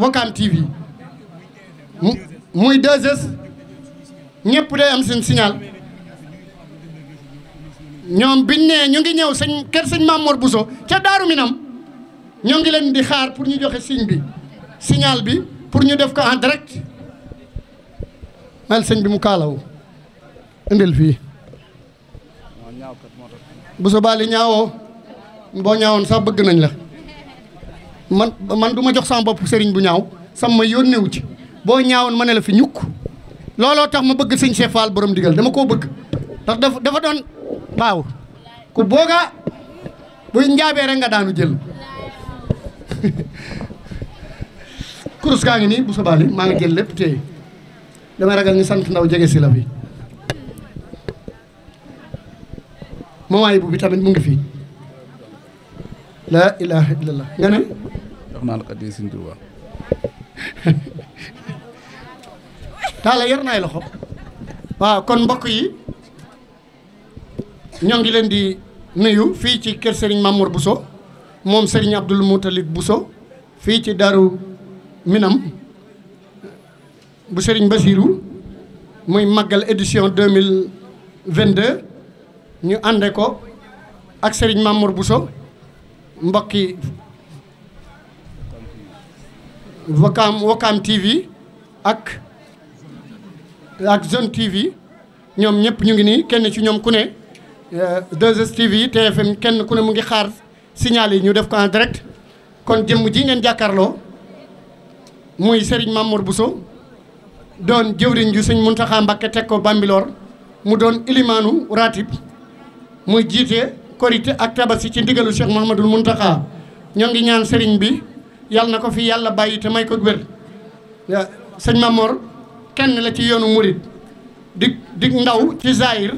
Wakam TV muy 2S ñëpp day am seen signal ñoom biñ ne ñu ngi ñëw sëñ kër sëñ Mamour Bousso ca Daaru Minam ñoo ngi leen di xaar pour ñu joxe signe bi signal bi pour ñu def ko en direct mel sëñ bi mu kaalaw indil fii Bousso Bali ñaawoo boo ñaawoon sax bëgg nañ la man man duma jox sama bop serigne bu ñaaw sama wu ci bo ñaawon mané la fi ñuk lolo tax ma bëgg serigne Cheikh Fall borom digal dama ko bëgg tax dafa dafa doon waaw ku boga bu njaabee rek nga daanu jël kurus kaa ngi nii bu sabali ma nga jël lepp tey dama ragal ni sant ndaw ci la fi mo bu bi tamit mu ngi fi laa ilaha illallah nga ne jox naa la xaddi Sëriñ Tuubaa taala yar naay loxo kon mbokk yi ñoo ngi leen di nuyu fii ci kër Serigne Mamour Bousso moom Serigne Abdoul Moutalib Bousso fii ci Daaru Minam bu Serigne Basirou muy màggal édition deux mille vingt-deux ñu ànde ko ak Serigne Mamour Bousso mbokk yi Wakaam Wakaam TV ak ak Zone TV ñoom ñëpp ñu ngi nii kenn ci ñoom ku ne 2S euh, TV kenn ku ne mu ngi xaar signal yi ñu def ko en direct kon jëmm ji ngeen jàkkaarloo muy Serigne bu Bousso doon jëwriñ ju sëñ Muntaxa Mbakke teg ko Bambilor mu doon ilimaanu ratib muy jiite korité ak tabaski ci ndigalu Cheikh Mouhamadul Mountakha ñoo ngi ñaan sëriñ bi yàlla na ko fi yàlla bàyyi te may ko wér sëñ Mamor kenn la ci yoonu murit ndaw ci Zahir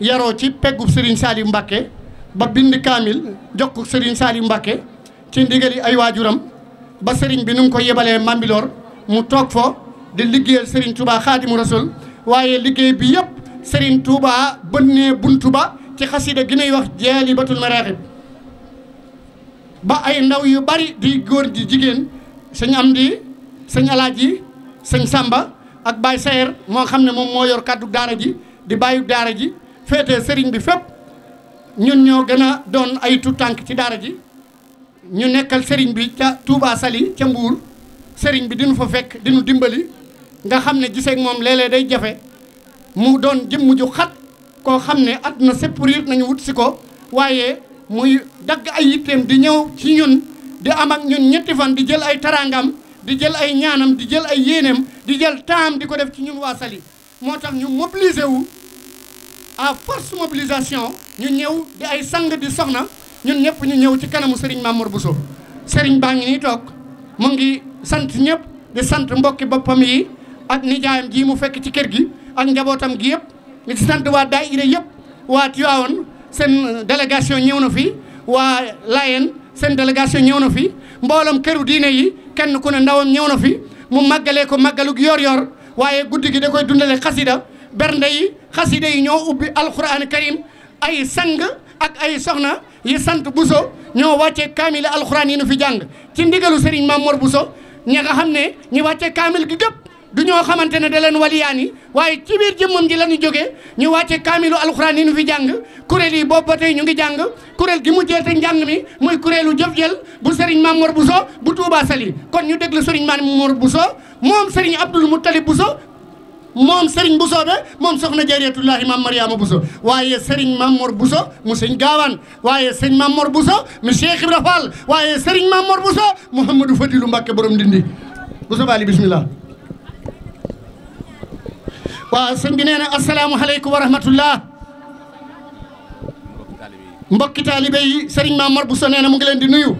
yaroo ci peggu Serigne Saliou Mbacké ba bind kaamil jox ko Serigne Saliou Mbacké ci ndigali ay waajuram ba sëriñ bi nu mu ko yebalee Mambilor mu toog foo di liggéeyal Serigne Touba Xaadimu Rasul waaye liggéey bi yëpp Serigne Touba bënnee buntu ba ci xasida gi nuy wax jaalibatul maraaxib ba ay ndaw yu bari di góor ji jigéen sëñ Amdi sëñ Alaaji sëñ sàmba ak Baye Sayer moo xam ne moom moo yor kàddu daara ji di bàyyu daara ji féete sëriñ bi fépp ñun ñoo gën a doon ay tànk ci daara ji ñu nekkal sëriñ bi ca Touba Sali ca Mbuur sëriñ bi diñu fa fekk diñu dimbali nga xam ne giseek moom léeg day jafe mu doon jëmm ju xat koo xam ne àdduna sépp riir nañu wut si ko waaye muy dagg ay yitteem di ñëw ci ñun di am ak ñun ñetti fan di jël ay tarangam di jël ay ñaanam di jël ay yéeneem di jël taam di ko def ci ñun waa Saly moo tax ñu mobiliser wu à force mobilisation ñu ñëw di ay sang di soxna ñun ñëpp ñu ñëw ci kanamu Serigne Mamour Bousso Serigne baa ngi nii toog mu ngi sant ñëpp di sant mbokki boppam yi ak nijaayam ji mu fekk ci kër gi ak njabootam gi yëpp. li sant waa daa daayira yëpp waa Tivaouane seen délégation ñëw na fi waa Layeen seen délégation ñëw na fi mbooloom këru diine yi kenn ku ne ndawoon ñëw na fi mu màggalee ko màggalug yor-yor waaye guddi gi da koy dundale xasida bernde yi xasida yi ñoo ubbi alquran karim ay sang ak ay soxna yi sant Bousso ñoo wàccee kaamil alquran yi nu fi jàng ci ndigalu Serigne Mamour Bousso ña nga xam ne ñi wàccee kaamil gi gëpp du ñoo xamante ne da leen waliyaan yi waaye ci biir jëmmam ji la ñu jógee ñu wàcce kaamilu alxuraan yi ñu fi jàng kuréel yi boobu ba tey ñu ngi jàng kuréel gi mu jeete njàng mi muy kuréelu jëf-jël bu Serigne Mamour Bousso bu Touba Sali kon ñu déglu Serigne Mamour Bousso moom Serigne Abdoul Moutalib Bousso moom Serigne Bousso be moom soxna Jaaratullaahi Maam Mariama Bousso waaye Serigne Mamour Bousso mu Sëñ Gaawaan waaye Sëñ Mamour Bousso mu Cheikh Ibra Fall waaye Serigne Mamour Bousso Mouhamadou Fadilou Mbacké borom Ndindi Bousso Bali bismillah wa sëñ bi nee na wa rahmatullah mbokk taalibe yi sëriñ Maam Mor Bousso nee na mu ngi len di nuyu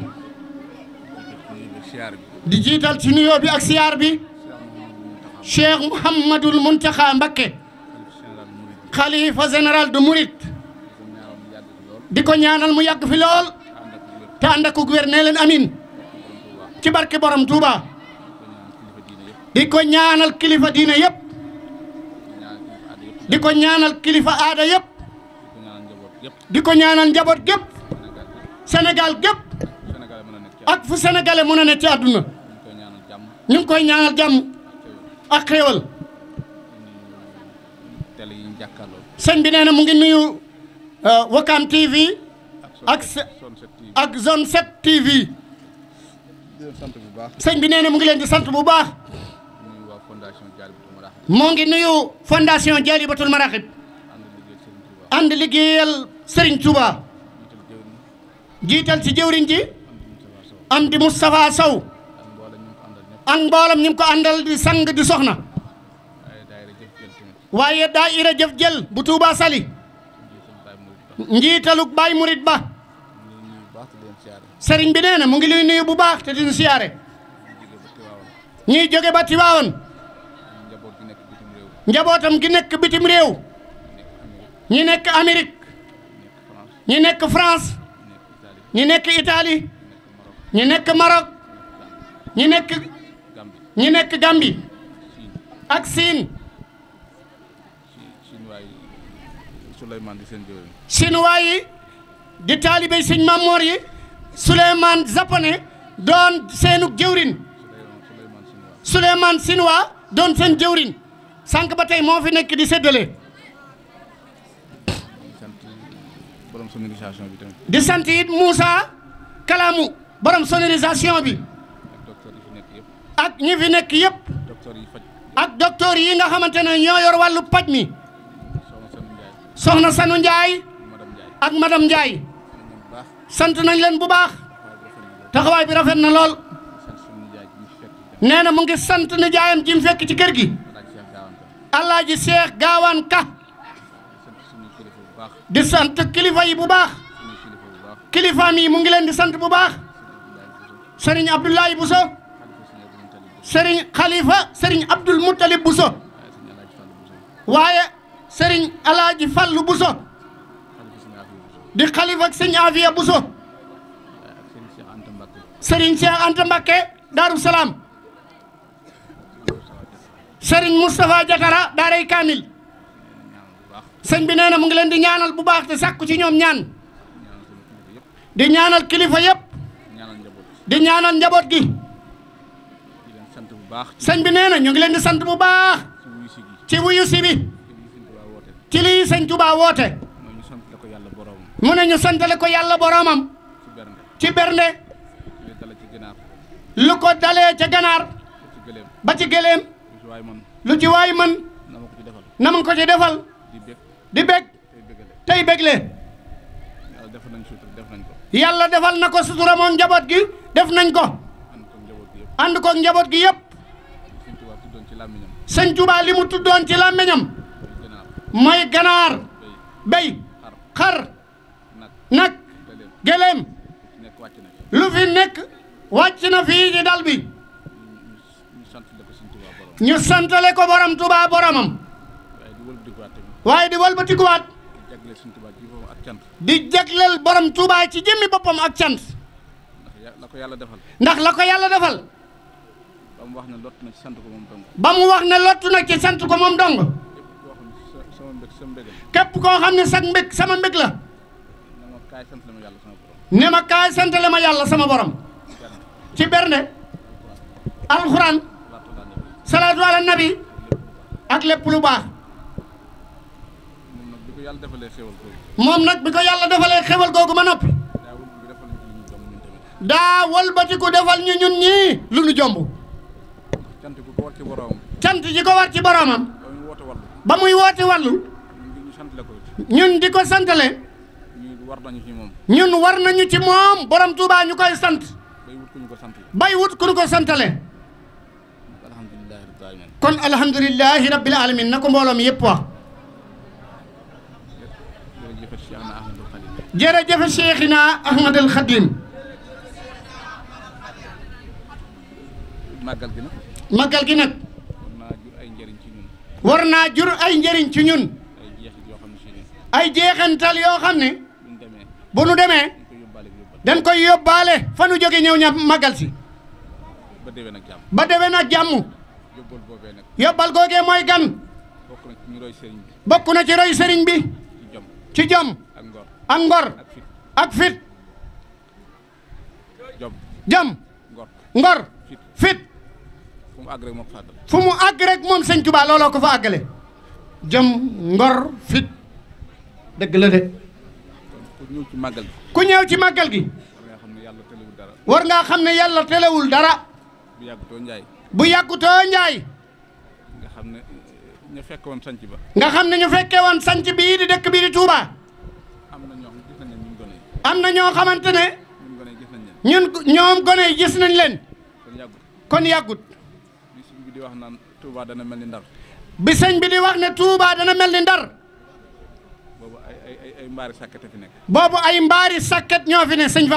di jital ci nuyo bi ak siar bi Cheikh mohammedul muntaha Mbacké khalifa général du mourid diko ñaanal mu yag fi lol ta andako gouverneur amin ci barke borom Touba diko ñaanal khalifa diine yëpp di ko ñaanal kilifa aada yëpp di ko ñaanal njaboot gépp Sénégal gépp ak fu sénégalais mën a ne ci àdduna ñu ngi koy ñaanal jàmm ak xéewal sëñ bi nee na mu ngi nuyu euh, Wakam TV ak ak zone 7 TV sëñ bi nee na mu ngi leen di sant bu baax moo ngi nuyu fondation Dialibatoul Marakhib ànd liggéeyal Serigne Touba jiital ci jëwriñ ji am di Moustapha Sow ak mboolam ñu ko àndal di sang di soxna waaye daayira jëf jël bu Touba Sali njiitaluk Baye Murid Ba Serigne bi nee na mu ngi luy nuyu bu baax te dina siyaare ñuy jóge ba Tiwaawan njabootam gi nekk bitim réew ñi nekk Amérique ñi nekk France ñi nekk Italie ñi nekk Maroc ñi nekk ñi nekk Gambie ak Siin Chinois yi di taalibe sëñ Mamoor yi Souleymane japonais doon seenu jëwrin Souleymane Chinois doon seen jëwrin sànq ba tey moo fi nekk di séddale. di sant it Moussa Kalamu borom sonorisation bi. ak ñi fi nekk yëpp. ak docteur yi nga xamante ne ñoo yor wàllu paj mi. soxna Sanu Ndiaye. ak madame Ndiaye. sant nañ leen bu baax. taxawaay bi rafet na lool. nee na mu ngi sant nijaayam ji mu fekk ci kër gi. alaaji Cheikh Gaawaan Ka di sant kilifa bu baax kilifaam mu ngi leen di sant bu baax sëriñ Abdoulaye Bousso sëriñ Khalifa sëriñ Abdoul Moutalib Bousso waaye sëriñ alaaji Fallu Bousso di xalifa ak sëñ Afia Bousso sëriñ Cheikh Anta Mbakke Daaru sëriñ Moustapha Diatara daaray Kaamil sëñ bi nee na mu ngi leen di ñaanal bu baax te sàkku ci ñoom ñaan di ñaanal kilifa yëpp di ñaanal njaboot gi sëñ bi nee na ñu ngi leen di sant bu baax ci wuyu si bi ci sëñ Tuubaa woote mu ne ñu santale ko yàlla boroomam ci bernde lu ko dalee ca ganaar ba ci gëléem waay man lu ci waay man na ko ci defal na ma ko di bég tey bégle yàlla defal yàlla defal na ko sutura njaboot gi def nañ ko ànd ko njaboot gi yëpp sëñ Tuubaa li mu tuddoon ci làmmiñam mooy ganaar béy xar nag gëléem lu fi nekk wàcc na fii ci dal bi ñu santale ko borom Touba boromam. waaye di wëlbatikuwaat. di jagleel borom Touba ci jëmmi boppam ak cant. ndax la ko yàlla defal. ndax la ko yàlla defal. ba mu wax ne lottu na ci sant ko moom dong. ba mu wax ne lottu na ci sant ko moom dong. képp koo xam ne sa mbég sama mbég la. ne ma kaay santale ma yàlla sama borom. ci bernde. alxuraan. salaatu ala nabi ak lépp lu baax moom nag bi ko yàlla defalee xewal googu ma noppi daa wëlbatiku defal ñu ñun ñii lu ñu jomb cant ji ko war ci boroomam ba muy woote wàllu ñun di ko santale ñun war nañu ci moom borom Tuubaa ñu koy sant bay wut ku ñu ko santale kon alhamdulilahi rabbil alamin na ko mbooloo mi yëpp wax jërëjëf Cheikhina Ahmadul Khadim màggal gi nag màggal gi nag war naa jur ay njariñ ci ñun ay jeexantal yoo xam ne bu nu demee dañ koy yóbbaale fa nu jóge ñëw ña màggal si ba déwén ak jàmm yóbbal googee mooy gan bokk na ci roy sëriñ bi ci jom ak ngor ak fit jom ngor fit fu mu àgg rek moom sëñ Tuubaa looloo ko fa àggale jom ngor fit dëgg la de ku ñëw ci màggal gi war ngaa xam ne yàlla telewul dara bu yàggutoo Njaay. nga xam ne ñu fekke woon sanc ba. nga xam ne ñu fekke woon sanc bii di dëkk bii di Touba. am na ñoo gis nañ ñun gone yi. xamante ne. ñun gis nañ leen. ñun ñoom gone yi gis nañ leen. kon yàggut kon yàggut. bi sëñ bi di wax naan Touba dana mel ni Ndar. bi sëñ bi di wax ne Touba dana mel ni Ndar. boobu ay ay ay ay mbaari sàkket ñoo fi ne sëñ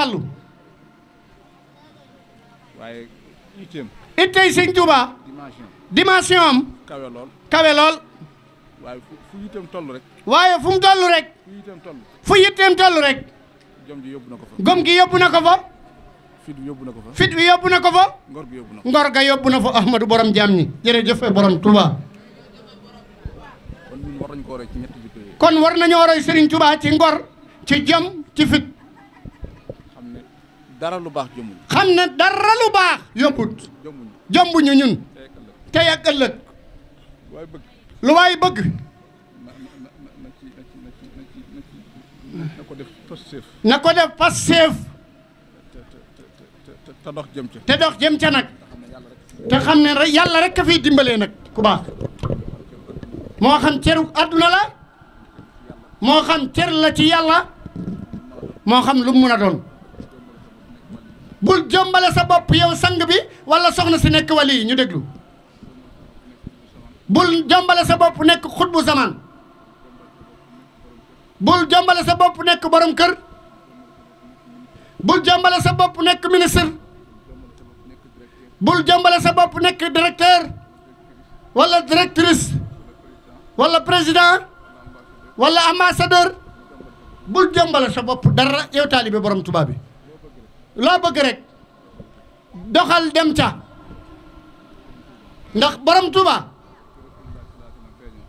waaye itteem. it tey sëñ Touba dimension am kawe lool kawe lool waaye fu yitteem rek waaye fu mu toll rek fu yitteem toll rek jom gi na ko fa gom gi yóbbu na ko fa fit wi yóbbu na ko fa fit wi yóbbu na ko fa ngor gi ko ngor ga yóbbu na fa Ahmadou borom jaam ñi jërëjëf borom Touba kon war nañoo roy Serigne Touba ci ngor ci jom ci fit dara lu baax jëmmuñu. xam ne dara lu baax. yombut jombuñu ñun. tey ak ëllëg. lu waay bëgg. na ko def pas seef. na ko te dox jëm ca. te dox ca nag. te xam ne yàlla rek ka fiy dimbalee nag ku baax. moo xam ceru àdduna la. moo xam cer la ci yàlla. moo xam lu mu a doon. bul jombale sa bopp yow sang bi wala soxna si nekk wali yi ñu déglu bul jombale sa bopp nekk xutbu zaman bul jombale sa bopp nekk borom kër bul jombale sa bopp nekk ministre bul jombale sa bopp nekk directeur wala directrice wala président wala ambassadeur bul jombale sa bopp dara yow taalibe borom Tuubaa bi loo bëgg rek doxal dem ca ndax borom Tuuba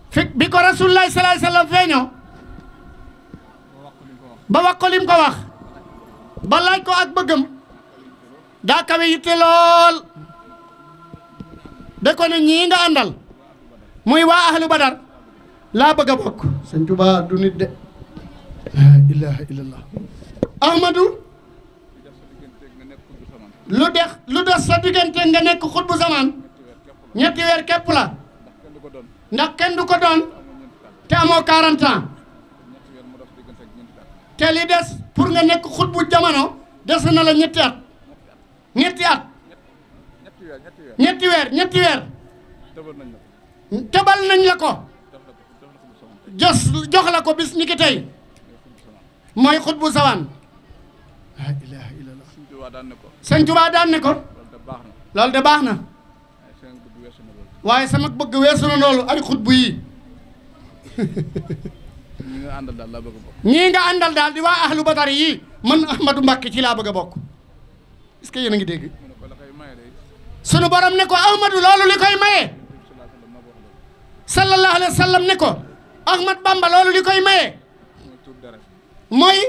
fi bi ko rasulilah salaay salaam feeñoo ba wax ko lim wax ba laaj ko ak bëggam daa kawe yitte lool da ko ne ñii nga àndal muy waa ahlu badar laa bëgg bokk. sëñ Tuuba du nit de. la ilaha illallah. Ahmadou. lu dex lu des sa diggante nga nekk xutbu zamaan ñetti weer képp la ndax kenn du ko doon te amoo 40 te li des pour nga nekk xutbu jamono des na la ñetti at ñetti at ñetti weer ñetti weer tebal nañ la ko jos jox la ko bis ni tey mooy xutbu zamaan Tuubaa daan ne ko sëñ Tuubaa daan ne ko loolu de baax na waaye sama bëgg weesu na loolu ay xutbu yi ñii nga àndal daal laa bëgg a bokk ñii nga di waa ahlu badar yi man Ahmadou Mbacke ci laa bëgg a bokk est-ce a ngi borom ne ko Ahmadou loolu li koy maye sallallahu alayhi wa ne ko Ahmad Bamba loolu li koy maye mooy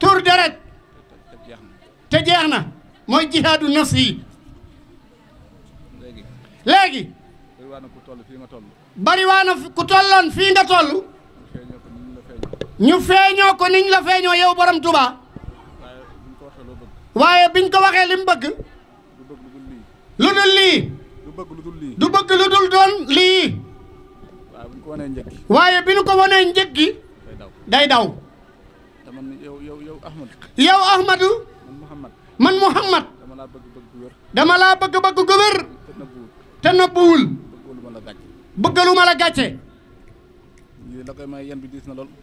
tur deret te jeexna moy jihadu nafsi legi legi bari wana ku tollon fi nga tollu ñu feño ko niñ la feño yow borom tuba waye biñ ko waxe li bëgg lu dul li du bëgg lu dul don li waye biñ ko woné day daw yow Ahmadu man Muhammad dama la bëgg bëgg gu wér te nëbbuwul bëgg lu mala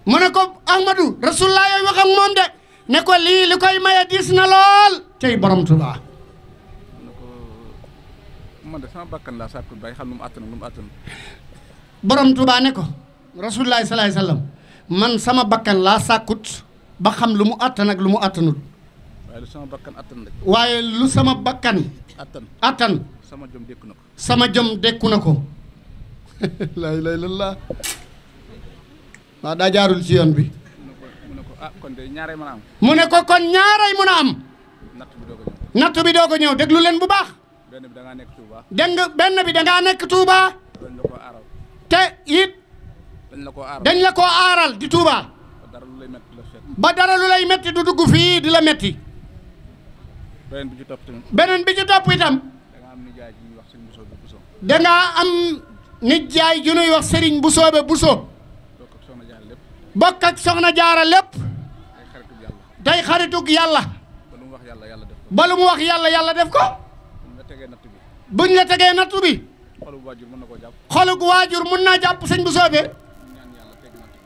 mu ne ko Ahmadou Rasulullah yoy wax ak mom dé né ko li likoy maye dis na lol tay borom tuba man sama bakkan la sàkku bay xam num mu num nu borom tuba ne ko Rasulullah sallallahu alaihi wasallam man sama bakkan la sàkkut ba xam lu mu atana ak lu mu àttanut waye lu sama bakkan atan atan sama jom dékku na sama jom dékku na ko laa ilaaha illallaah waa daa jaarul ci yoon bi mu ne ko ah, kon ñaaray mën a am natt bi doog a ñëw déglu leen bu baax ben bi dangaa nekk Tuuba dégg nga benn bi dangaa nekk Tuuba te it dañ la koo di touba ba dara lu lay metti du dugg fi di la metti beneen bi ci topp itam. beneen bi ci topp itam. dangaa am nijaay ju ñuy wax Serigne Bousso Bousso. dangaa am nijaay ju ñuy wax Serigne Bousso Bousso. bokk ak Soxna Jaara lépp. bokk ak Soxna Jaara lépp. day xaritug yàlla. ba lu mu wax yàlla yàlla def ko. ba lu wax yàlla yàlla def ko. buñ la tegee nattu bi. buñ la tegee nattu bi. xolug waajur mën na koo jàpp. xolug waajur mën naa jàpp sëñ bu bi.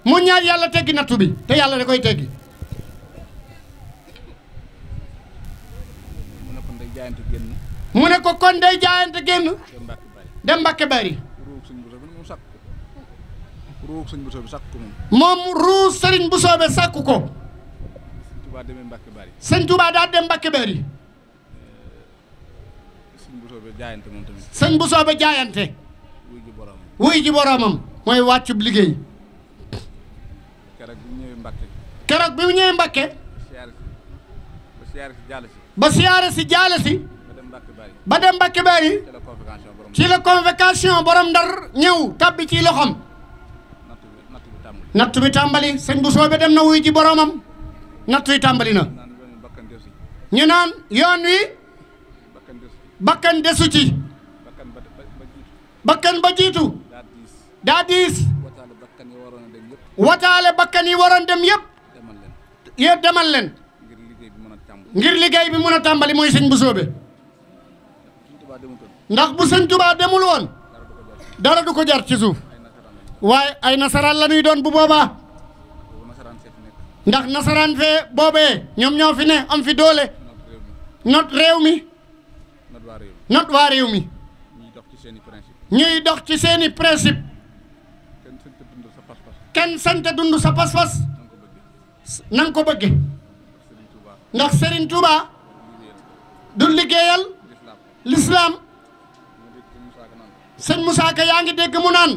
mu ñaan yàlla teggi nattu bi te yàlla da koy teggi jaayante génn. mu ne ko kon day jaayante génn. dem Mbàkke Bari. ruug sëriñ Busoobe sàkk moom. moom ruug sëriñ Busoobe sàkk ko. sëñ Touba daal dem Mbàkke Bari. Eh, sëñ Busoobe jaayante jaayante. wuy ji boromam. wuy ji boromam liggéey. keroog bi mu ñëwee Mbàkke. ba siyaare si ba siyaare si ba siyaare si jaale si ba dem Mbàkke Bari ci la convocation borom ndar ñëw tabbi ci loxoom natt bi tàmbali sëñ bu soobee dem na wuy ji boromam natt wi tàmbali na ñu naan yoon wi bakkan desu ci bakkan ba jiitu daa diis wataale bakkan yi waroon dem yëpp yéen demal leen ngir liggéey bi mun a tàmbali mooy sëñ bu soobe ndax bu sëñ tubaa demul woon dara du ko jar ci suuf waaye ay nasaraan la ñuy doon bu boobaa ndax nasaraan fee boobee ñoom ñoo fi ne am fi doole not réew mi not waa réew mi ñuy dox ci seeni principe kenn sant dund sa pas-pas na ko bëgge ndax Serigne Touba du liggéeyal l'islam sëñ Moussa Ka yaangi deg mu nan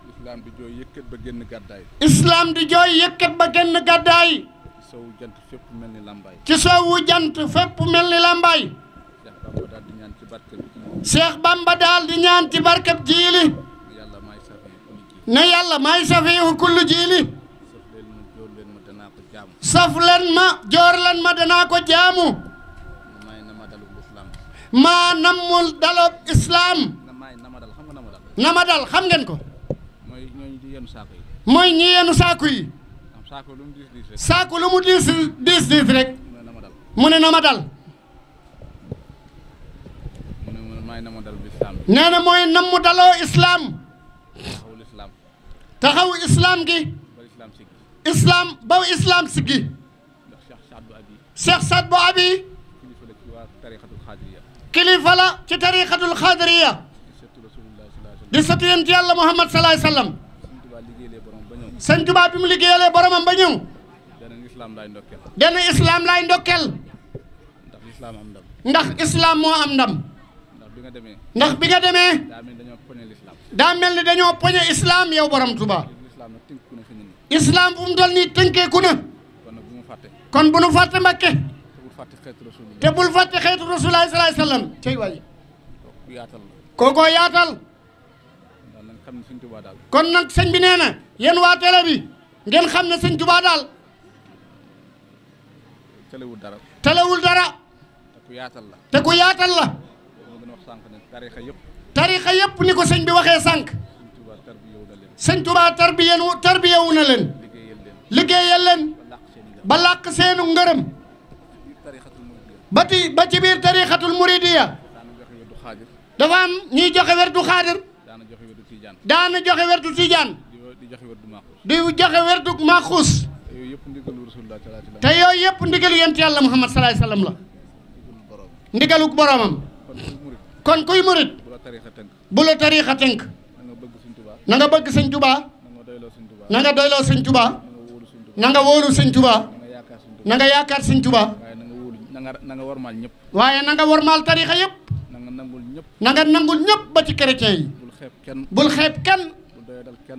islam di joy yekkat ba genn gaday islam di joy yekkat ba genn gaday ci soowu jant fépp melni lambay ci soowu jant Cheikh Bamba dal di ñaan ci barkeb jiili ne yàlla maay safihu kullu jili saflan ma jorlan ma dana ko jamu ma namul daloob islam nama dal xam ngeen ko moy ñi yenu saku yi saku lu mu dis dis dis rek mu ne nama dal nee na mooy nammu daloo taxaw Islam gi islam ba islam sigi cheikh sad bo Abi kilifa la ci tariqatul khadriya di sëtu yonent yalla Muhammad Sallallahu alaihi wasallam sëñ Tuubaa bi mu borom am ba ñëw den islam lay ndokel ndax islam mo am ndam ndax bi nga demee da mel mel dañu poñe islam yow borom Tuubaa islam bu mu dol nii tënkeeku na. kon bu nu fàtte Mbakke. te bul fàtte xeetu rasulaay salaay salaam. cey waay. kookoo yaatal. kon nag sëñ bi nee na yéen waa télé bi ngeen xam ne sëñ Tuubaa daal. telewul dara. telewul dara. te ku yaatal la. te ku la. tarixa yëpp. tarixa ni ko sëñ waxee sànq. sëñ Tuubaa tarbiyewu tarbiyewu na leen liggéeyal leen ba làq seenu ngërëm ba ti ba ci biir tarixatul muridiya dafa am ñuy joxe werdu xaadir daana joxe werdu tijaan di joxe werdu maxuus te yooyu yëpp ndigalu yent yàlla Muhammad salaay salaam la ndigalu boromam kon kuy murit bu la tarixa tënk nanga bëgg sëñ Tuubaa nanga doylo doyloo sëñ nanga wolu nga wóolu nanga yaakar na nga nanga wormal ñep waye nanga wormal tariika yep nanga nangul ñep na nangul ñëpp ba ci chrétien yi bul xeeb ken bul xeeb kenn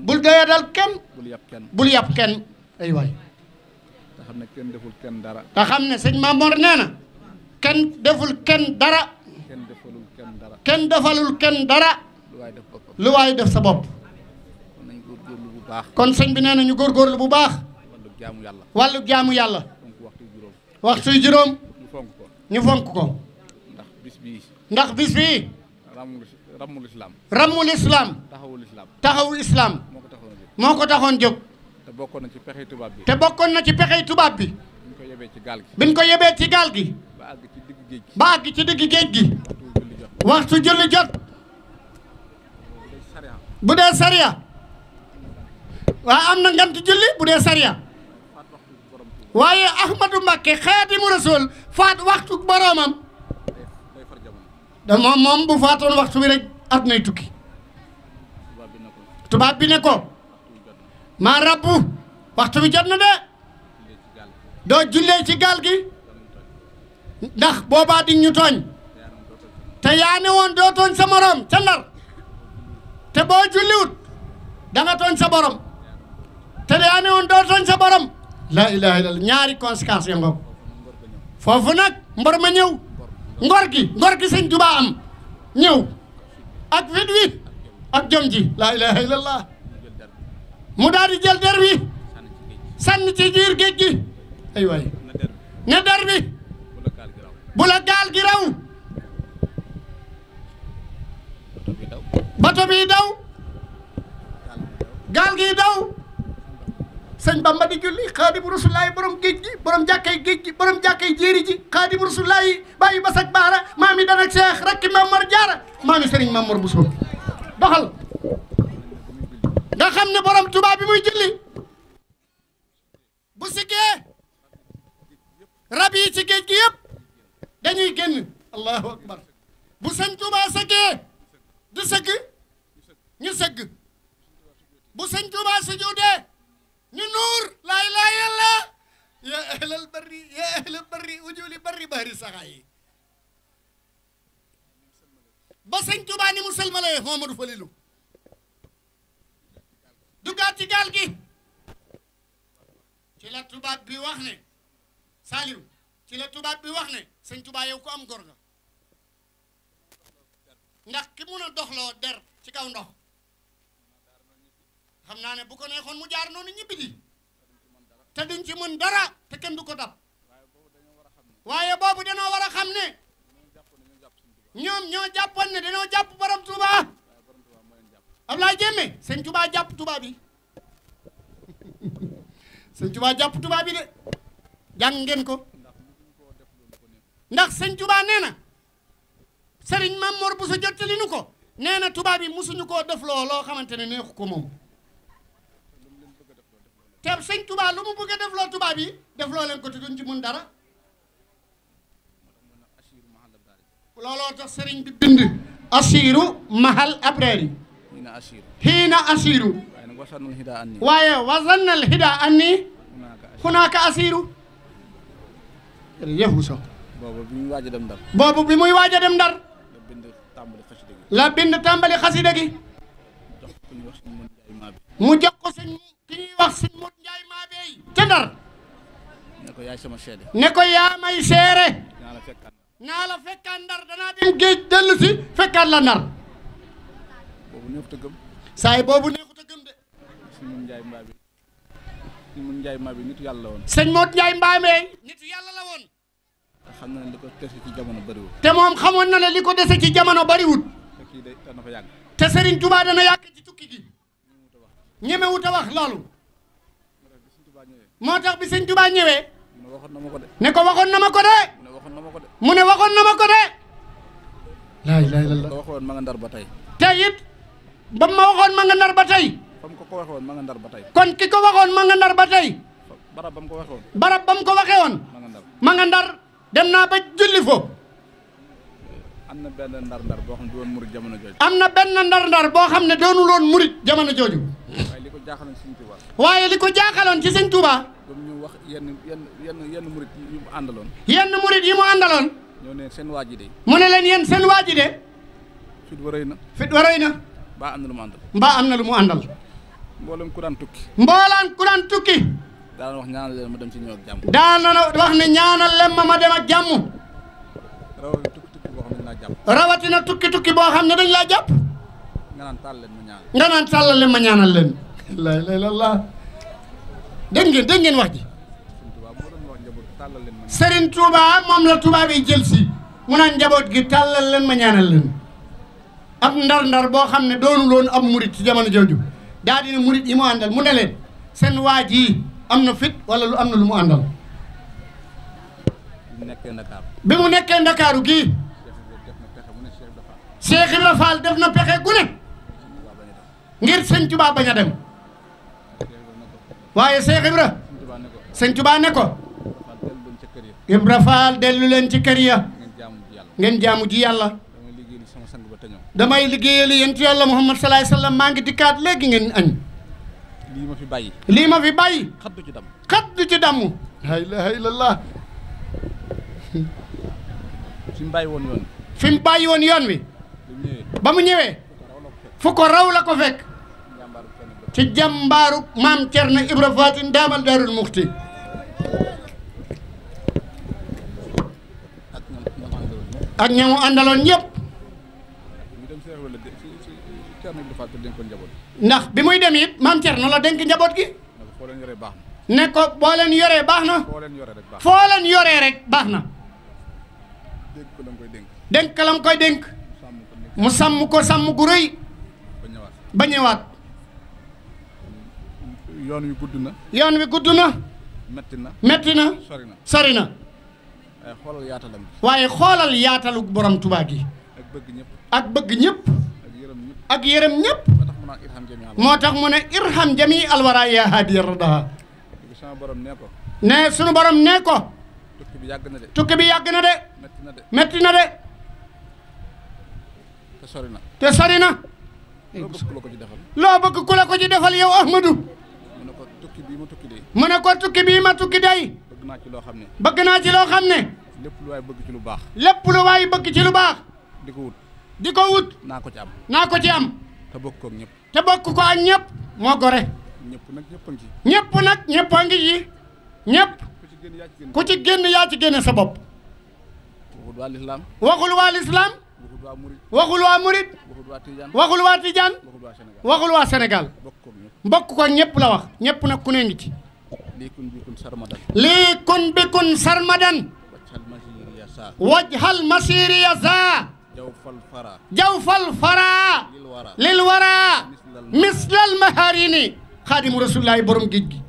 bul doyadal kenn bul yap ken bul yab kenn ay way ta xamne ken deful ken dara ta xamne ne sëñ Mamor nee na deful ken dara ken defalul ken dara ken defalul ken dara lu way def sa bop kon señ bi nee gor gor lu bu baax. walu jaamu yalla wax suy juróom. ñu fonk ko. ndax bis bi ramul bis bii. islam. rammul islam. taxawul islam. moko islam. moo ko taxoon te bokkon na ci pexey tubab bi. te bokkoon na ci pexey tubaab bi. biñ ko yebé ci gal gi. biñ ci ba àgg ci digg geej gi. ba àgg ci digg géej gi. waxtu julli jot. bu dee sariya. waaw am na ngant julli bu dee sariya waaye Ahmadou Mbacké xaadimu rasul faat waxtu boroomam da moom bu faatoon waxtu bi rek at tukki tubaab bi ne ko maa rabbu waxtu bi jot na de doo jullee ci gaal gi ndax boobaa di tooñ te yaa ne woon doo tooñ sa moroom ca ndar te boo julliwut da tooñ sa borom te daa ne woon dootoon sa borom laa ilaha illallah ñaari conséquences ya ngoog foofu nag mbor ma ñëw ngor gi ngor gi am ñëw ak fit wi ak jom ji laa ilaha illallah mu daal jël der wi sànni ci jiir géej gi ne der bi bu gaal gi raw bato bi daw gaal gi daw sëñ Bamba di julli xaadimu rasulaayi borom géej gi borom jàkkay géej gi borom jàkkay jéeri ji xaadimu rasulaayi bàyyi basak baara maami danak seex rakki Mamor Jaara maami sëriñ Mamor Bousso doxal nga xam ne borom Tuubaa muy julli bu sikkee rab yi yëpp dañuy génn allahu akbar bu sëñ Tuubaa sëggee du sëgg ñu sëgg bu sëñ Tuubaa sujuudee ñu nuur laa ilaaha illa ya ahlal barri ya ahlal barri ujuli barri bahri saxaayi ba sëñ Tuubaa ni mu sëlmalee Mamadu Falilu duggaat ci gaal gi ci la tubaab bi wax ne Saliou ci la tubaab bi wax ne sëñ Tuubaa yow ko am góor nga ndax ki mun a doxloo der ci kaw ndox xam naa ne bu ko neexoon mu jaar noonu ñibbi di te duñ ci mën dara te kenn du ko dab waaye boobu dañoo war a xam ne ñoom ñoo jàppoon ne dañoo jàpp borom Touba Ablaye Jéeme sëñ Touba jàpp Touba bi sëñ Touba jàpp Touba bi de jàng ngeen ko ndax sëñ Touba nee na Serigne Mamour bu sa jottali nu ko nee na Touba bi musuñu koo def loo loo xamante ne neexu ko moom. te sëñ Touba lu mu bëgg a defloo tubaab yi defloo leen ko te duñ ci mun dara looloo tax sëriñ bi bind asiru mahal abreer yi xiina waaye wasannal hida anni hunaaka asiru jërëjëf Bousso boobu bi muy waaj a dem ndar boobu dem ndar la bind tàmbali xasida mu jox ko ki ñuy wax sëñ Mut Njaay maa beey Ndar ne ko yaay may seere naa la fekkaan Ndar danaa dem géej dellu si fekkaan la Ndar boobu neexut saay boobu neexut a gëm de sëñ Mut Njaay Mbaabe sëñ Mut yàlla la woon sëñ Mut Njaay Mbaabe nitu yàlla la woon te xam na li ko dese ci jamono bariwul te moom xamoon na ne li ko dese ci jamono bariwul te kii day dana fa yàgg te ci tukki gi ñemewut a wax loolu moo tax bi sëñ Tuubaa ñëwee ne ko waxoon na ma ko de mu ne waxoon na ma ko de laa ilaaha illallaah waxoon ma nga ndar ba tey te it ba ma waxoon ma nga ndar ba tey kon ki ko waxoon ma nga ndar ba tey kon ki ko waxoon ma nga ndar ba tey barab ba mu ko waxee woon ma nga ndar dem naa ba julli fo amna na ndar-ndar bo xamne doon murit jamono jooju. am na ndar-ndar boo xam ne doonul woon jamono joju waye liko jaxalon jaaxaloon ci sëñ Touba. waaye li ko ci sëñ Touba. comme ñu wax yenn yenn yenn yenn yi mu àndaloon. yenn murit yi mu àndaloon. ñoo ne seen waa de. mu ne leen yéen seen waa de. fit warayna fit warayna ba amna lu mu andal ba amna lu mu andal mbolam ku tukki. mbolam ku daan tukki. na wax ñaanal le ma dem ci ñoo jamm da na wax ne ñaanal le ma ma dem ak jàmm. rawatina tukki tukki boo xam ne dañ laa jàpp. nga naan tàll leen ma ñaanal leen nga naan tàll leen ma ñaanal leen. la ilaha illallah. dégg ngeen dégg ngeen wax ji. Serigne Touba moom la Touba bi jël si. mu njaboot gi tàllal leen ma ñaanal leen. ab ndar-ndar boo xam ne doonul woon ab murit ci jamono jooju daa dina murit yi mu àndal mu ne leen seen waaj yi am na fit wala lu am na lu mu àndal. bi mu nekkee Ndakaaru gii. Cheikh Ibra def na pexe gu ne ngir sëñ Tuubaa a dem waaye Cheikh Ibra sëñ Tuubaa ne ko Ibra Fall dellu leen ci kër ya ngeen jaamu ci yàlla damay liggéeyali yéen ci yàlla Muhammad salaay sallam maa ngi dikkaat léegi ngeen añ lii ma fi bàyyi lii ma fi ci damm xaddu ci damm la ilaha illallah fi mu bàyyi woon yoon fi mu bàyyi woon yoon wi ba mu ñëwé fu ko raw la ko fekk ci jambaru mam cerna Ibra fatin damal darul mukti ak ñamu andalon ñep ndax bi muy dem yit mam cerna la denk njabot gi ne ko yoré baxna fo len yoré rek baxna denk lam koy denk denk lam koy denk mu sam ko sam gu reuy ba ñëwaat yoon wi gudd yoon wi gudd metina metina na metti ay xolal na sori na waaye eh, xoolal yaatalam waaye xoolal yaatalu borom tuba gi ak bëgg ñëpp ak bëgg ñëpp ak yërëm ñëpp moo mu ne irham jami al wara ya hadi haadiya radaha ne suñu borom nee ko tukki bi yag na de tukki bi yàgg na de metti na de te sori na. na. loo bëgg ku la ko ci defal. loo bëgg ku ko ci defal yow Ahmadou. mu ko tukki bii ma tukki day. mu ne ko tukki bii ma tukki day. bëgg naa ci loo xam ne. bëgg naa ci loo xam ne. lépp lu waay bëgg ci lu baax. lépp lu waay bëgg ci lu baax. di ko wut. di ko wut. naa ko ci am. naa ko ci am. te bokk ko ak ñëpp. te bokk ko ak ñëpp. moo gore. ñëpp nag ñëpp a ngi ci. ñëpp a ngi ci. ñëpp. ku ci génn yaa ci génne sa bopp. waxul waa lislaam. waxul waa lislaam. waxul wa Murid waxul wa tidiane waxul wa senegal, mbokk ko ñepp la wax ñepp nak ku ne ci li kun bi kun sarmadan wajhal masiri yasa ya jawfal fara jawfal lil wara mislal maharini khadim rasulullah borom gigi,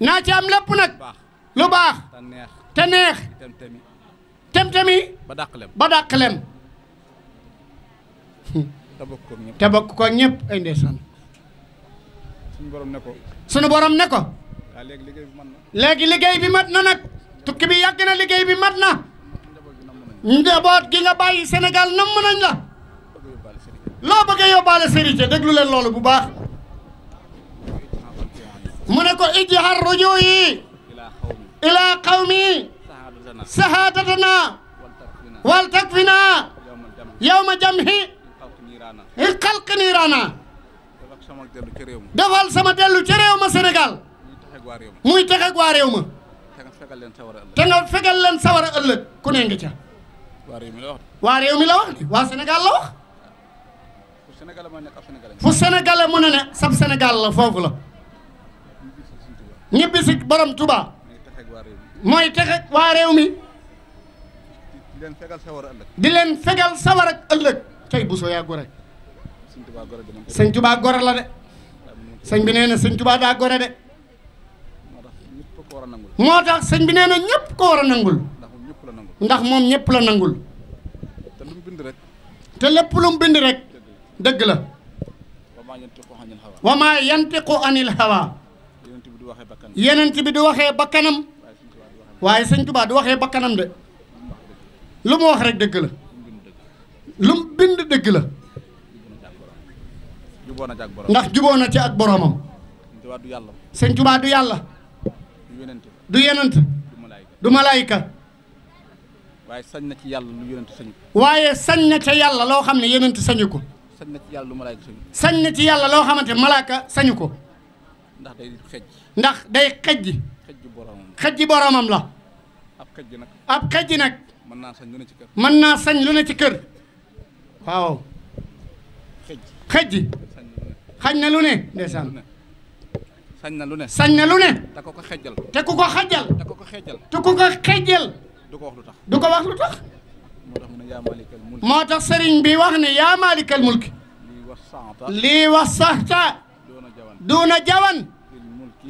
na ci am lepp nak lu bax te neex tem temi ba lem te bokk ko ñëpp ay ndeysaan suñu borom ne ko suñu borom ne léegi liggéey bi mat na nag tukki bi yàgg na liggéey bi mat na njaboot gi nga bàyyi Sénégal namm nañ la loo bëgg a yóbbaale sérité déglu leen loolu bu baax mu ne ko ijhar rujuu yi ilaa qawmi sahadatana wal takfina yawma jamhi xal kaniraana defal sama dellu ca réew ma Sénégal muy tax ak waa réew ma te nga fegal leen sawara ëllëg ku ne nga ca waa réew mi la wax waa Sénégal la wax fu sénégalais mu ne ne la foofu la ñibbi borom Touba mooy tax waa réew mi di leen fegal sawar ak ëllëg tey Bousso yaa gore sëñ Touba gore la de sëñ bi nee na sëñ Touba daa gore de moo tax sëñ bi nee na ñëpp ko war a nangul ndax moom ñëpp la nangul te lépp lu mu bind rek dëgg la wa wamaa yantiqu anil hawa yenent bi du waxee bakkanam waaye sëñ Touba du waxee bakkanam de lu mu wax rek dëgg la lu mu bind dëgg la ndax juboo na ci ak boromam sëñ Tuubaa du yàlla du yenant du malaayika waaye sañ na ci yàlla lu yenant sañu waaye sañ na yàlla loo xam ne yenant sañu ko sañ na ci yàlla lu malaayika sañ na ci yàlla loo xamante malaaka sañu ko ndax day xej ndax day xej xejji boromam la ab xejji nag ab xejji nag mën naa sañ ne ci kër mën naa sañ lu ne ci kër waaw xëj ji xañ na lu ne ndeysaan sañ na lu ne sañ na lu ne te ku ko xejjal te ku ko xejjal te ku ko xejjal te ku ko xejjal du ko wax lu tax du ko wax lu tax moo tax sëriñ bi wax ne yaa maalikal mulki lii wax saxta duuna jawan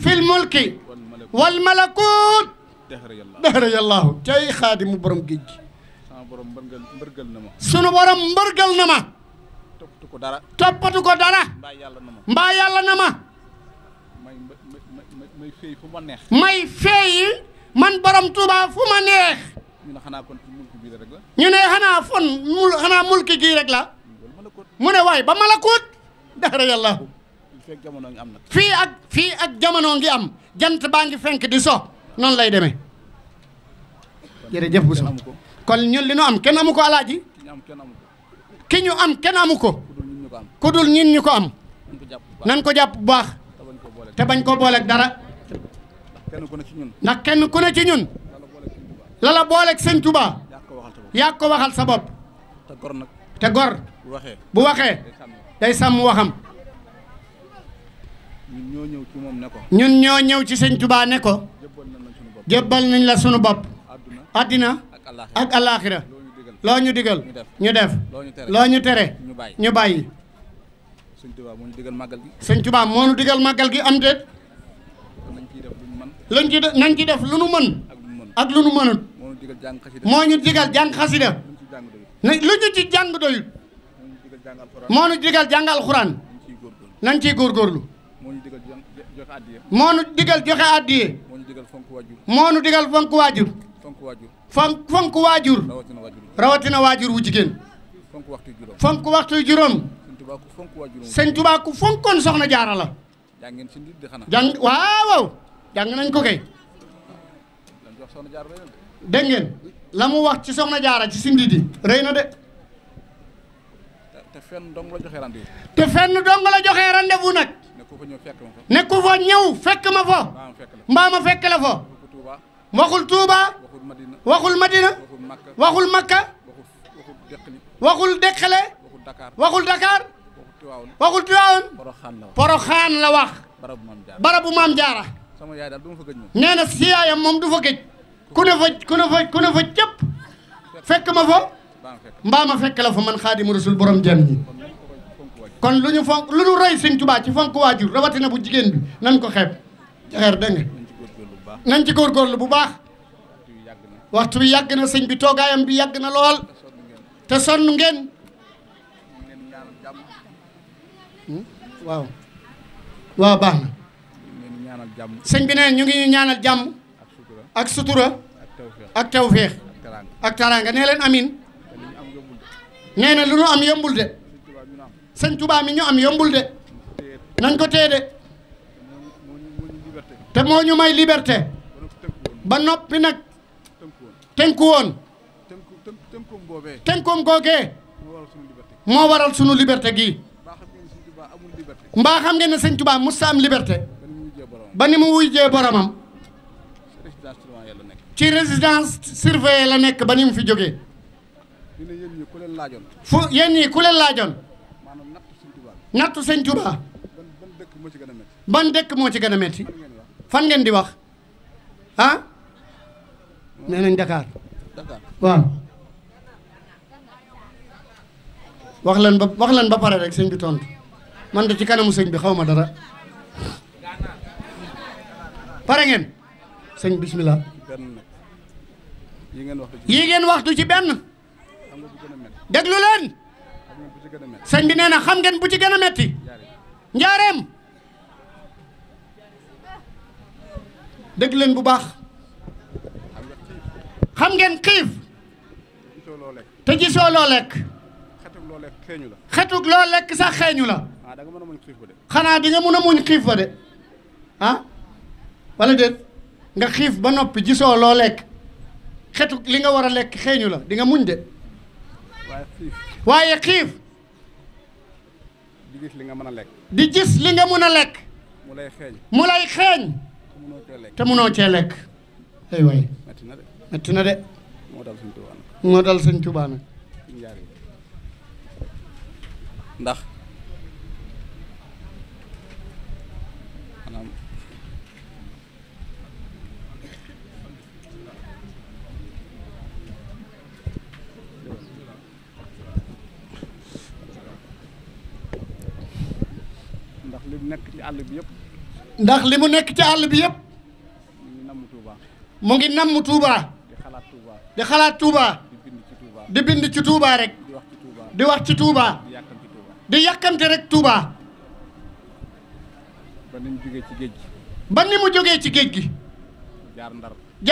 fil mulki wal malakut dëxërëyallaahu tey xaadimu borom géej gi sunu borom mbërgal na ma toppatu ko dara mba yalla nama na ma may fey man borom Tuuba fu ma neex ñu ne xana kon mulki rek la ñu fon mul xanaa mulki gi rek la mu ne waay ba malakuut dara yalla fii ak fi ak jamono ngi am jant baa ngi fenk di so non lay jere jeuf bu so kon ñun li ñu am kenn amu ko alaaji ki ñu am kenn amu ko ku dul ñin ñu ko am nan ko jàpp bu baax te bañ koo booleek dara ndax kenn ku ne ci ñun la la booleeg sëñ Tuubaa yaa ko waxal sa bopp te gor bu waxee day sàmm waxam ñun ñoo ñëw ci moom ne ko ñun ñoo ñëw ci sëñ Tuubaa ne ko jébbal nañ la sunu bopp àddina ak alaaxira loo ñu digal ñu def loo ñu tere ñu bayyi señ tuba mo ñu digal magal gi sëñ Tuubaa moo ñu digal màggal gi am déet lañ ci def ci def lu nu mën ak lu nu mënut moo ñu digal jang khasida na lu ñu ci jàng doyut moo ñu digal jàng alxuraan nañ ci gor gorlu mo ñu digal joxe addiye mo ñu digal fonku waajur mo ñu digal fonku waajur fonk waajur fonk fonk waajur rawatina waajur wu jigéen fonk waxtu juróom fonk waxtu juróom sëñ Tuubaa ku fonkoon soxna jaara la jàngeen si nit di xanaa jàng waaw jàng nañ ko kay dégg ngeen la mu wax ci soxna jaara ci sindi di rëy na de te fenn dong la joxee rendez-vous te fenn dong la joxee rendez-vous nag ne ku fa ñëw fekk ma fa mbaa ma fekk la fa waxul Tuuba waxul Madina waxul Makka waxul Deqale waxul Dakar waxul Tiwaawan Poroxaan la wax barabu maam jaara nee na si yaayam moom du fa gëj ku ne fa ku ne fa ku ne fa cëpp fekk ma fa mbaa ma fekk la fa man xaadimu rasul borom jëm ñi kon lu ñu fonk lu ñu roy sëñ Tubaa ci fonk waajur rawatina bu jigéen bi nan ko xeeb jaxeer dégg nga nañ ci góorgóorlu bu baax waxtu bi yàgg na sëñ bi toogaayam bi yàgg na lool te sonn ngeen hmm? waaw baax na sëñ bi neen ñu ngi ñu ñaanal jàmm ak sutura ak tawféex ak taraanga nee leen amin nee na lu nu am yombul de sëñ Tuubaa mi ñu am yombul de nañ ko téye de te moo ñu may liberté ba noppi nag tënku woon. tënkoom boobee. tënkoom googee. moo waral sunu liberté gii. mbaa xam ngeen ne sëñ Tuubaa musta am liberté. ba ni mu wujjee boromam. ci résidence surveillée la nekk ba ni mu fi jógee. fu yéen ñii ku leen laajoon. nattu sëñ Tuubaa. ban dëkk moo ci gën a métti. fan ngeen di wax ah? nee nañ Dakar waaw wax leen ba wax leen ba pare rek sëñ bi tontu man de ci kanamu sëñ bi xaw ma dara pare ngeen sëñ bismillah yii ngeen waxtu ci benn déglu leen sëñ bi nee na xam ngeen bu ci gën a metti njaareem déglu leen bu baax xam ngeen xiif te gisoo loo lekk xetug loo lekk sax xeeñu la xanaa di nga mën a muñ xiif ba de ah wala déet nga xiif ba noppi gisoo loo lekk xetug li nga war a lekk xeeñu la di nga muñ de waaye xiif di gis li nga mën a lekk mu lay xeeñ te munoo cee lekk ay waay metti na de. moo dal sëñ Tuubaa nag. ndax li mu nekk ci àll bi yëpp. ndax li mu nekk ci àll bi yëpp. mu ngi namm Tuubaa. mu ngi namm Tuubaa. di tuba Touba di bind ci Touba rek di wax ci Touba di yàkkamte rek Touba ba ni mu jógee ci géej gi ba ni mu jógee ci géej rek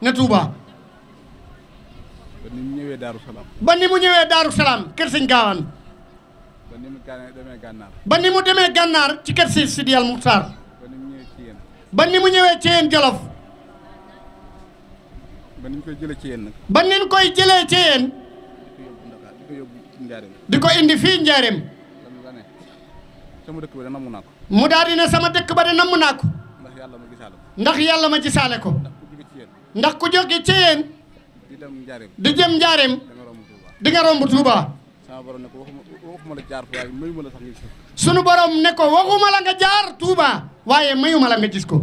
ne Touba ba darusalam mu ñëwee darusalam Salaam ba ni mu demee gànnaar ci kër si Sidi Al Muxtaar ba ni mu ñëwee ci yéen Jolof ba ni ñu koy jëlee ci yéen nag ba koy jëlee ci di ko indi fii Njaareem sama dëkk ba de namm naa ko mu daal di ne sama dëkk ba de namm naa ko ndax yàlla ma gisaale ko ndax yàlla ma gisaale ko ndax ku jóge ci yéen di dem di jëm Njaareem di nga romb Touba sunu borom ne ko waxuma la nga jaar Touba waye mayuma la nga gis ko.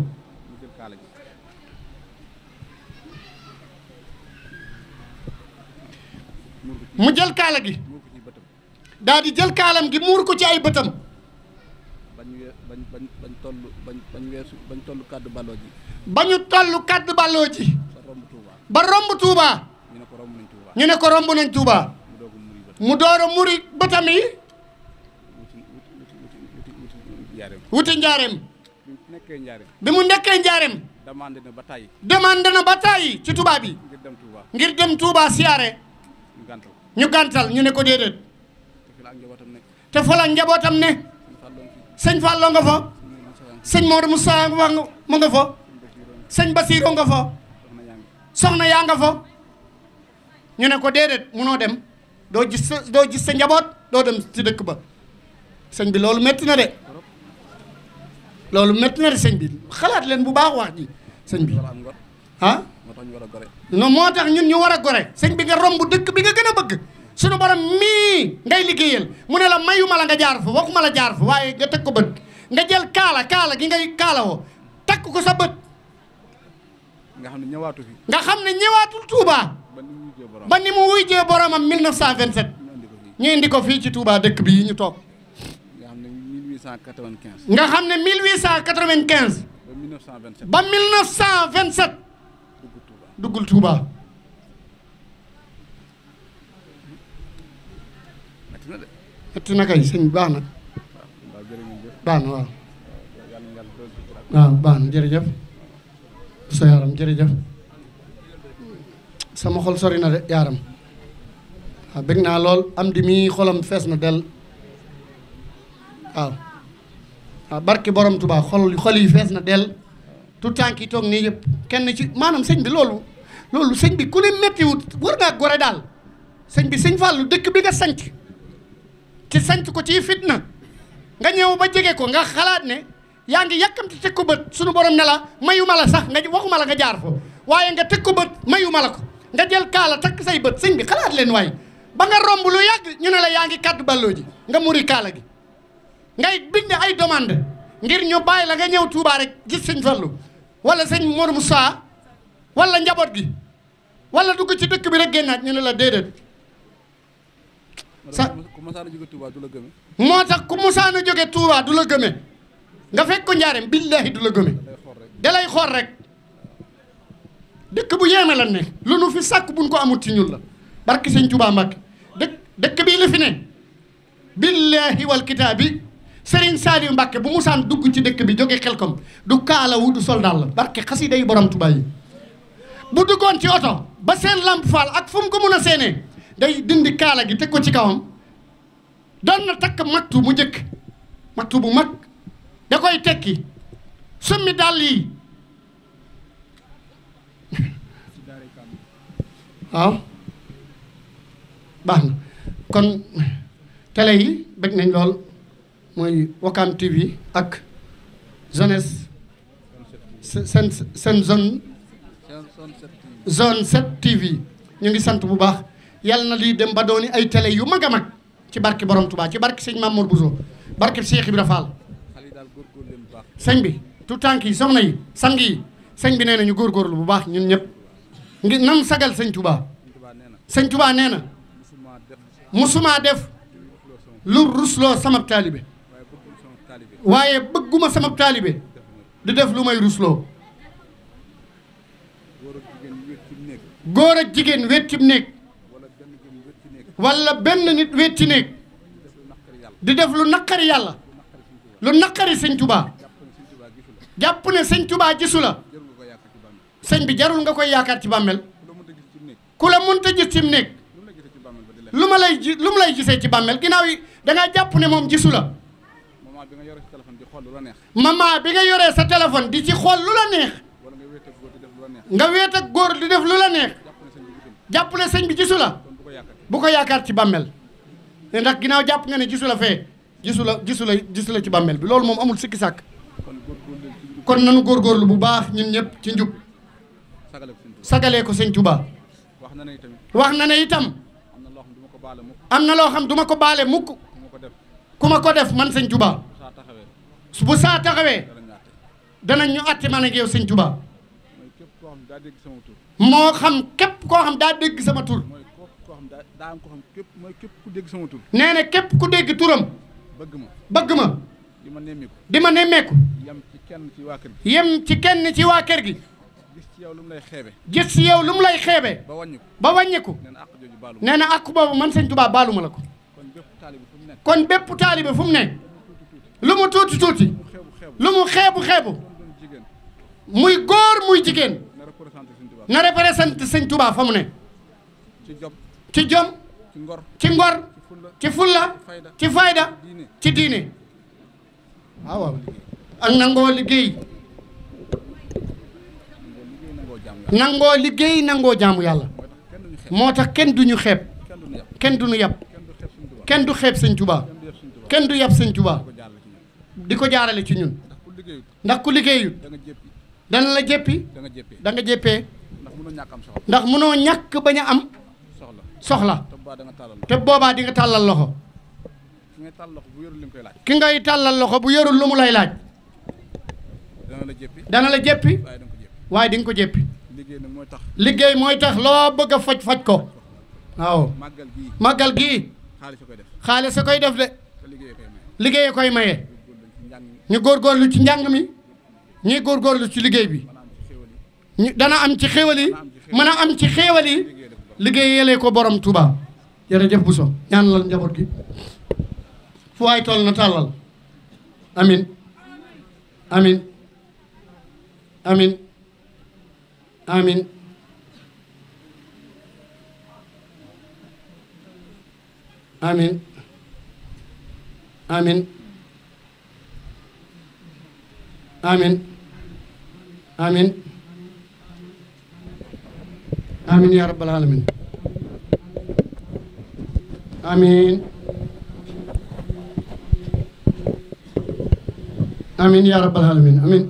mu jël kala gi. daal di jël kalam gi mur ko ci ay beutam bañ bañ bañ tollu bañ bañ weesu bañ toll kàddu balloo ji. bañu tollu kaddu balloo ji. ba romb Touba. ñu ne ko romb Touba. ñu ne ko romb nañ Touba. mu door a murit bëtam yi wuti njaareem bi mu nekkee njaareem demande na ba tàyyi demande ci tubaab yi ngir dem Touba siyaare ñu gàntal ñu ne ko déedéet te fa la njabootam ne sëñ Fallou nga fa sëñ Maodo Moussa mu nga fa sëñ Basirou nga fa soxna yaa nga fa ñu ne ko déedéet munoo dem do gis sa doo gis sa njaboot doo dem ci dekk ba señ bi lolou metti na de lolou metti na de señ bi xalaat len bu baax wax ni señ bi ha no motax ñun ñu wara goré señ bi nga rombu dekk bi nga gëna bëgg suñu borom mi ngay liggéeyal mu ne la mayuma la nga jaar fa waxuma la jaar fa waye nga tekk ko bëtt nga jël kala kala gi ngay wo takku ko sa bëtt nga xam ñewatu fi nga xam ne ñëwaatul ba ni mu wuyjee boromam 1927 ñu indi ko fii ci Touba dëkk bi ñu toog. nga xam ne 1895. ba 1927. duggul Touba. ëtt na kay sëñ baax na. baax na waaw. waaw baax na jërëjëf. sa yaram jërëjëf. sama xol sori na de yaaram waaw ah, bëgg naa lool am di mii xolam fees na del waaw waaw ah, barki borom Tuubaa xol xol yi fees na del tout tànki yi toog nii yëpp kenn ci maanaam sëñ bi loolu loolu sëñ bi ku ne méttiwut war ngaa gore daal sëñ bi sëñ Fàllu dëkk bi nga sañc ci sañc ko ci fitna nga ñëw ba jege ko nga xalaat ne yaa ngi yàkkamti teg ko bët suñu borom ne mayuma la sax nga waxuma la nga jaar fo waaye nga teg ko bët mayu ma la ko nga jël kaala takk say bët sëñ bi xalaat leen waay ba nga romb lu yàgg ñu ne la yaa ngi kàddu balloo nga muri kaala gi ngay bind ay demande ngir ñu bàyyi la nga ñëw Touba rek gis sëñ Fallu wala sëñ Mor Moussa wala njaboot gi wala dugg ci dëkk bi rek génnaat ñu ne la déedéet. sa ku Musaana jóge du la gëme. moo tax ku Musaana jóge Touba du la gëme nga fekk ko njaareem billaahi du la gëme. da lay xool rek. dëkk bu yéeme lan ne lu nu fi sàkk buñ ko amut ci ñun la barki sëñ Tuubaa Mbàkke dëkk dëkk bii la fi ne billaahi wal kitaabi Serigne Saliou Mbàkke bu musaan dugg ci dëkk bi jóge ko du kaalawu du sol daal la barke xasida yi borom Tuubaa yi bu duggoon ci oto ba seen làmp faal ak fu mu ko mën a seenee day dindi kaala gi teg ko ci kawam doon na takk mattu mu njëkk mattu bu mag da koy tekki summi dàll yi waaw baax na kon tele yi bëgg nañ lool mooy Wakam TV ak jeunesse seen seen zone zone 7 TV ñu ngi sant bu baax yàlla na lii dem ba dooni ay télé yu mag a mag ci barke Borom Touba ci barke sëñ Mamour Bousso barke Cheikh Ibra Fall sëñ bi tout tànk yi soxna yi sang yi sëñ bi nee na ñu góorgóorlu bu baax ñun ñëpp ngir nan sagal sëñ tubaa sëñ Touba nee na musuma def lu rusloo samab taalibe waaye bëgguma samab taalibe di def lu may rusloo góor ak jigéen wettib néeg wala benn nit wetti néeg di def lu naqari yàlla lu naqari sëñ tubaa jàpp ne sëñ Touba gisu la sëñ bi jarul nga koy yaakaar ci bàmmeel ku la mënta gis ci néeg lu ma lay ji lu ma lay gisee ci bàmmeel ginnaaw yi dangaa jàpp ne moom gisu la maman bi nga yoree sa téléphone xool lu la neex maman bi nga yoree sa téléphone di ci xool lu la neex nga wéet ak góor di def la neex jàpp ne sëñ bi gisu la bu ko yaakaar ci bàmmeel ne ndax ginnaaw jàpp nga ne gisu la fee gisu la gisu la gisu la ci bàmmeel bi loolu moom amul sikki sàkk kon nanu góorgóorlu bu baax ñun ñëpp ci njub sagalee ko sañ Touba. wax na ne itam. wax na ne itam. am na loo xam du ma ko baale mukk. ku ma ko def man sëñ Touba. bu saa taxawee. danañ ñu àtte man ne yow sëñ Touba. moo xam képp koo xam daa dégg sama tur. nee na képp ku dégg turam. bëgg ma bëgg ma. di ma nemmeeku. yem ci kenn ci waa kër gi. yem ci kenn ci waa kër gi. gis ci yow lu mu lay xeebe. gis ci yow lu lay xeebe. ba wàññi ko ba wàññi ko. nee na ak boobu man sëñ Tuubaa baalu ma la ko. kon bépp taalibe fu mu ne. lu mu tuuti tuuti. lu mu xeebu xeebu. muy góor muy jigéen. na représenté sëñ Tuubaa fa mu ne. ci jom ci jom. ci ngor ci ngor. ci fulla ci fayda ci diine. waaw waaw ak liggéey. Nango liggey nango jaamu yalla motax ken duñu xeb ken duñu yab ken du xeb sëñ touba ken du yab sëñ touba di ko jaarale ci ñun ndax ku liggéeyut dana la jéppi da nga jéppee ndax mënoo ñàkk bañ am soxla te boba di nga talal loxo ki ngay talal loxo bu yorul lu mu lay laaj dana la way di nga ko jéppi liggéey mooy tax loo bëgg a faj faj ko waaw màggal gii xaalis sa koy def de liggéey koy maye ñu góorgóorlu ci njàng mi ñuy góorgóorlu ci liggéey bi ñu dana am ci xéewal yi mën a am ci xéewal yi liggéey yelee ko borom Touba jëf bu so lal njaboot gi fu waay toll na tàllal amin amin amin amin amin amin amin amin amin ya rabbal alamin amin amin ya rabbal alamin amin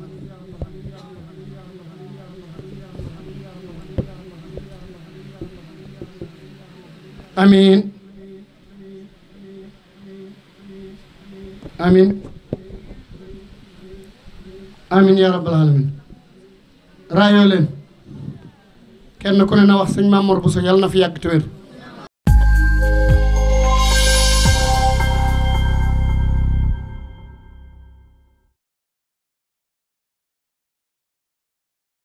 amiin amiin amiin yaa rabbal alamin raayoo leen kenn ku ne na wax sëñ Mamour Bousso yàlla na fi yàgg te